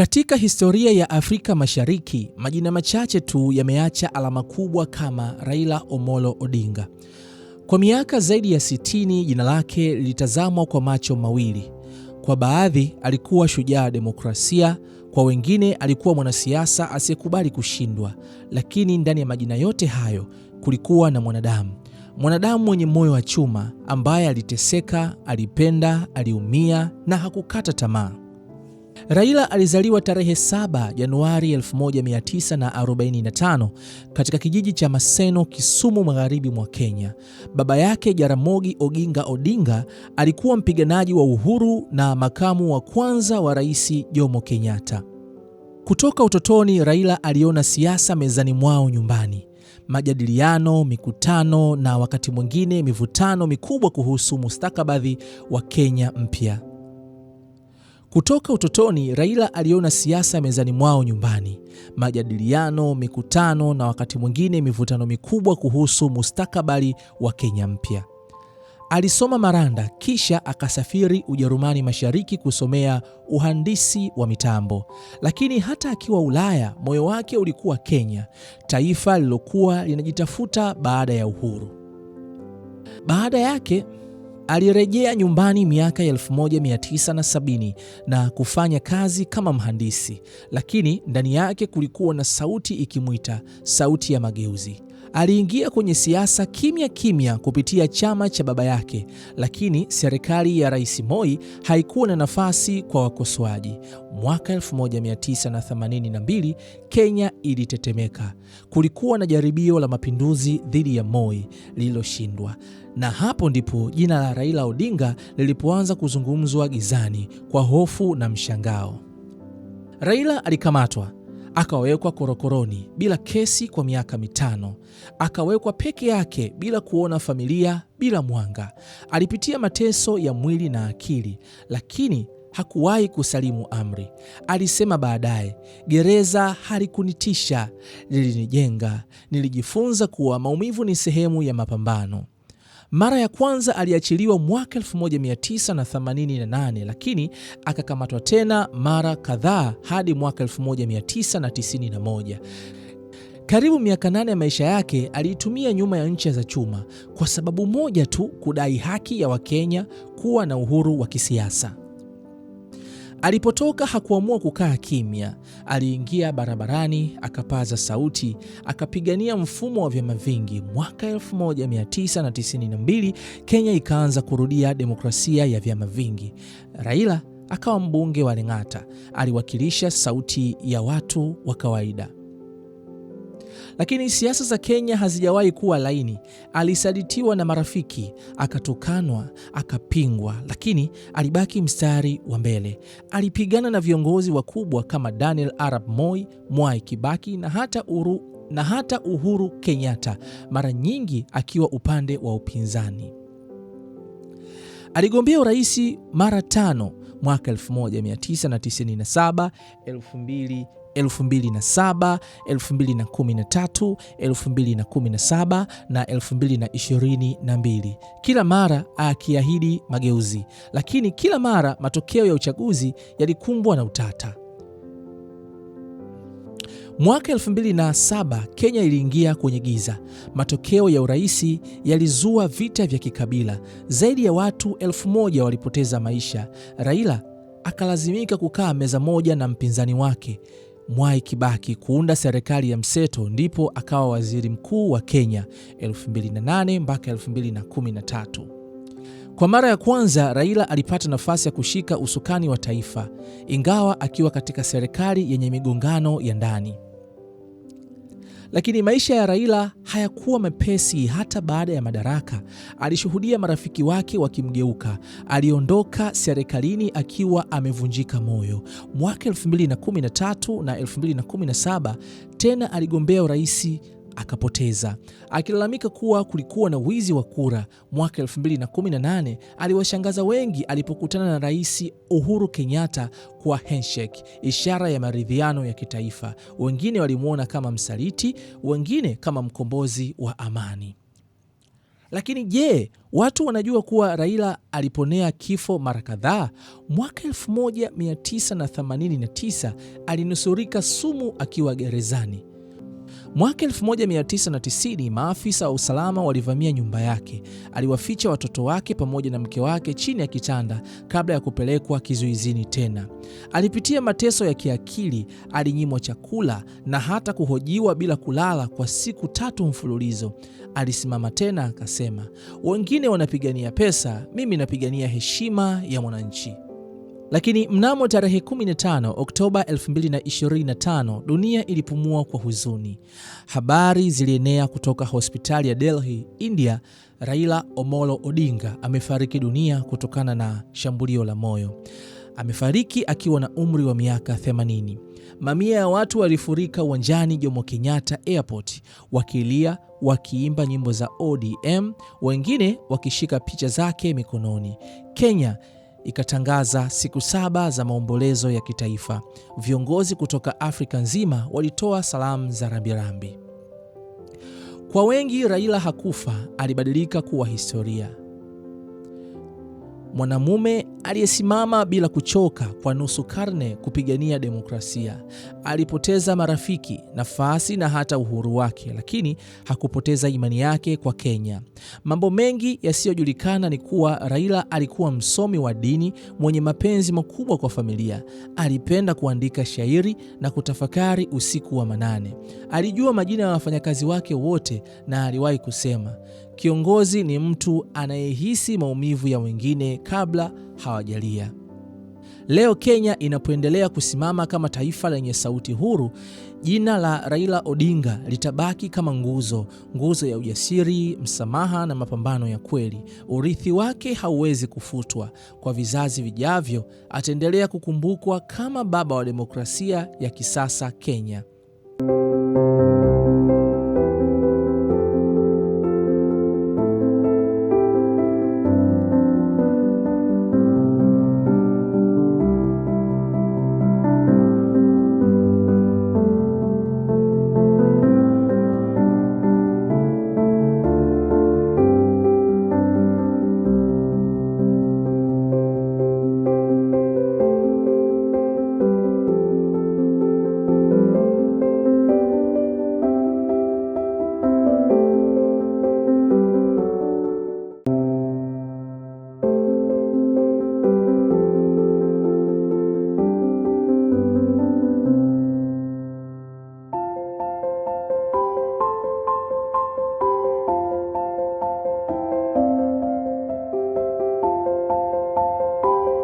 Katika historia ya Afrika Mashariki, majina machache tu yameacha alama kubwa kama Raila Omolo Odinga. Kwa miaka zaidi ya 60, jina lake lilitazamwa kwa macho mawili. Kwa baadhi alikuwa shujaa demokrasia, kwa wengine alikuwa mwanasiasa asiyekubali kushindwa. Lakini ndani ya majina yote hayo kulikuwa na mwanadamu, mwanadamu mwenye moyo wa chuma, ambaye aliteseka, alipenda, aliumia na hakukata tamaa. Raila alizaliwa tarehe 7 Januari 1945 katika kijiji cha Maseno, Kisumu, magharibi mwa Kenya. Baba yake Jaramogi Oginga Odinga alikuwa mpiganaji wa uhuru na makamu wa kwanza wa Rais Jomo Kenyatta. Kutoka utotoni, Raila aliona siasa mezani mwao nyumbani. Majadiliano, mikutano na wakati mwingine mivutano mikubwa kuhusu mustakabadhi wa Kenya mpya. Kutoka utotoni, Raila aliona siasa mezani mwao nyumbani, majadiliano, mikutano na wakati mwingine mivutano mikubwa kuhusu mustakabali wa Kenya mpya. Alisoma Maranda kisha akasafiri Ujerumani Mashariki kusomea uhandisi wa mitambo. Lakini hata akiwa Ulaya, moyo wake ulikuwa Kenya, taifa lililokuwa linajitafuta baada ya uhuru. Baada yake Alirejea nyumbani miaka ya 1970 na kufanya kazi kama mhandisi, lakini ndani yake kulikuwa na sauti ikimwita, sauti ya mageuzi. Aliingia kwenye siasa kimya kimya kupitia chama cha baba yake, lakini serikali ya Rais Moi haikuwa na nafasi kwa wakosoaji. Mwaka 1982 Kenya ilitetemeka. Kulikuwa na jaribio la mapinduzi dhidi ya Moi lililoshindwa, na hapo ndipo jina la Raila Odinga lilipoanza kuzungumzwa gizani kwa hofu na mshangao. Raila alikamatwa akawekwa korokoroni bila kesi kwa miaka mitano. Akawekwa peke yake bila kuona familia, bila mwanga. Alipitia mateso ya mwili na akili, lakini hakuwahi kusalimu amri. Alisema baadaye, gereza halikunitisha, lilinijenga. Nilijifunza kuwa maumivu ni sehemu ya mapambano. Mara ya kwanza aliachiliwa mwaka 1988 lakini akakamatwa tena mara kadhaa hadi mwaka 1991. Karibu miaka nane ya maisha yake aliitumia nyuma ya ncha za chuma kwa sababu moja tu, kudai haki ya Wakenya kuwa na uhuru wa kisiasa. Alipotoka hakuamua kukaa kimya. Aliingia barabarani, akapaza sauti, akapigania mfumo wa vyama vingi. Mwaka 1992 Kenya ikaanza kurudia demokrasia ya vyama vingi. Raila akawa mbunge wa Lang'ata, aliwakilisha sauti ya watu wa kawaida. Lakini siasa za Kenya hazijawahi kuwa laini. Alisalitiwa na marafiki, akatukanwa, akapingwa, lakini alibaki mstari wa mbele. Alipigana na viongozi wakubwa kama Daniel Arap Moi, Mwai Kibaki na hata Uru, na hata Uhuru Kenyatta, mara nyingi akiwa upande wa upinzani. Aligombea urais mara tano mwaka 1997, 2000 2007, 2017 na 2022, kila mara akiahidi mageuzi, lakini kila mara matokeo ya uchaguzi yalikumbwa na utata. Mwaka 2007 Kenya iliingia kwenye giza. Matokeo ya uraisi yalizua vita vya kikabila, zaidi ya watu elfu moja walipoteza maisha. Raila akalazimika kukaa meza moja na mpinzani wake Mwai Kibaki kuunda serikali ya mseto, ndipo akawa waziri mkuu wa Kenya 2008 mpaka 2013. Kwa mara ya kwanza Raila alipata nafasi ya kushika usukani wa taifa, ingawa akiwa katika serikali yenye migongano ya ndani. Lakini maisha ya Raila hayakuwa mepesi hata baada ya madaraka. Alishuhudia marafiki wake wakimgeuka. Aliondoka serikalini akiwa amevunjika moyo. Mwaka 2013 na 2017 tena aligombea urais akapoteza, akilalamika kuwa kulikuwa na wizi wa kura. Mwaka 2018 aliwashangaza wengi alipokutana na Rais Uhuru Kenyatta kwa handshake, ishara ya maridhiano ya kitaifa. Wengine walimwona kama msaliti, wengine kama mkombozi wa amani. Lakini je, watu wanajua kuwa Raila aliponea kifo mara kadhaa? Mwaka 1989 alinusurika sumu akiwa gerezani. Mwaka 1990 maafisa wa usalama walivamia nyumba yake. Aliwaficha watoto wake pamoja na mke wake chini ya kitanda kabla ya kupelekwa kizuizini tena. Alipitia mateso ya kiakili, alinyimwa chakula na hata kuhojiwa bila kulala kwa siku tatu mfululizo. Alisimama tena akasema, wengine wanapigania pesa, mimi napigania heshima ya mwananchi. Lakini mnamo tarehe 15 Oktoba 2025 dunia ilipumua kwa huzuni. Habari zilienea kutoka hospitali ya Delhi, India, Raila Omolo Odinga amefariki dunia kutokana na shambulio la moyo. Amefariki akiwa na umri wa miaka 80. Mamia ya watu walifurika uwanjani Jomo Kenyatta Airport wakilia, wakiimba nyimbo za ODM, wengine wakishika picha zake mikononi. Kenya ikatangaza siku saba za maombolezo ya kitaifa. Viongozi kutoka Afrika nzima walitoa salamu za rambirambi. Kwa wengi, Raila hakufa, alibadilika kuwa historia. Mwanamume aliyesimama bila kuchoka kwa nusu karne kupigania demokrasia. Alipoteza marafiki, nafasi na hata uhuru wake, lakini hakupoteza imani yake kwa Kenya. Mambo mengi yasiyojulikana ni kuwa Raila alikuwa msomi wa dini mwenye mapenzi makubwa kwa familia. Alipenda kuandika shairi na kutafakari usiku wa manane. Alijua majina ya wafanyakazi wake wote na aliwahi kusema, kiongozi ni mtu anayehisi maumivu ya wengine kabla ha akawajalia. Leo Kenya inapoendelea kusimama kama taifa lenye sauti huru, jina la Raila Odinga litabaki kama nguzo, nguzo ya ujasiri, msamaha na mapambano ya kweli. Urithi wake hauwezi kufutwa. Kwa vizazi vijavyo, ataendelea kukumbukwa kama baba wa demokrasia ya kisasa Kenya.